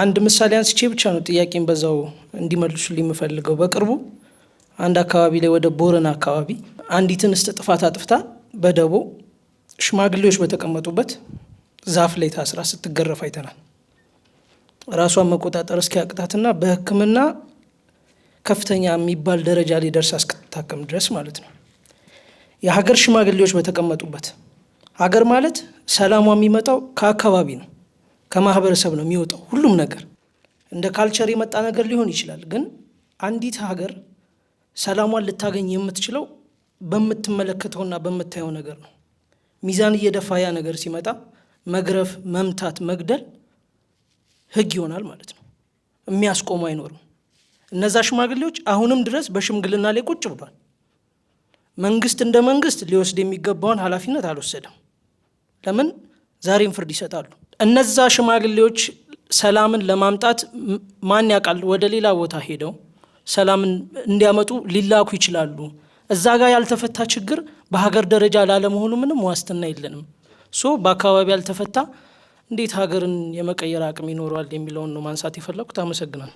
አንድ ምሳሌ አንስቼ ብቻ ነው ጥያቄን በዛው እንዲመልሱ የምፈልገው። በቅርቡ አንድ አካባቢ ላይ ወደ ቦረና አካባቢ አንዲትን እንስት ጥፋት አጥፍታ በደቦ ሽማግሌዎች በተቀመጡበት ዛፍ ላይ ታስራ ስትገረፍ አይተናል። ራሷን መቆጣጠር እስኪያቅታትና በሕክምና ከፍተኛ የሚባል ደረጃ ላይ ደርሳ እስክትታከም ድረስ ማለት ነው። የሀገር ሽማግሌዎች በተቀመጡበት ሀገር ማለት ሰላሟ የሚመጣው ከአካባቢ ነው። ከማህበረሰብ ነው የሚወጣው ሁሉም ነገር። እንደ ካልቸር የመጣ ነገር ሊሆን ይችላል፣ ግን አንዲት ሀገር ሰላሟን ልታገኝ የምትችለው በምትመለከተውና በምታየው ነገር ነው። ሚዛን እየደፋ ያ ነገር ሲመጣ መግረፍ፣ መምታት፣ መግደል ህግ ይሆናል ማለት ነው። የሚያስቆሙ አይኖርም። እነዛ ሽማግሌዎች አሁንም ድረስ በሽምግልና ላይ ቁጭ ብሏል። መንግስት እንደ መንግስት ሊወስድ የሚገባውን ኃላፊነት አልወሰደም። ለምን ዛሬም ፍርድ ይሰጣሉ? እነዛ ሽማግሌዎች ሰላምን ለማምጣት ማን ያውቃል፣ ወደ ሌላ ቦታ ሄደው ሰላምን እንዲያመጡ ሊላኩ ይችላሉ። እዛ ጋር ያልተፈታ ችግር በሀገር ደረጃ ላለመሆኑ ምንም ዋስትና የለንም። ሶ በአካባቢ ያልተፈታ እንዴት ሀገርን የመቀየር አቅም ይኖረዋል የሚለውን ነው ማንሳት የፈለኩት። አመሰግናል።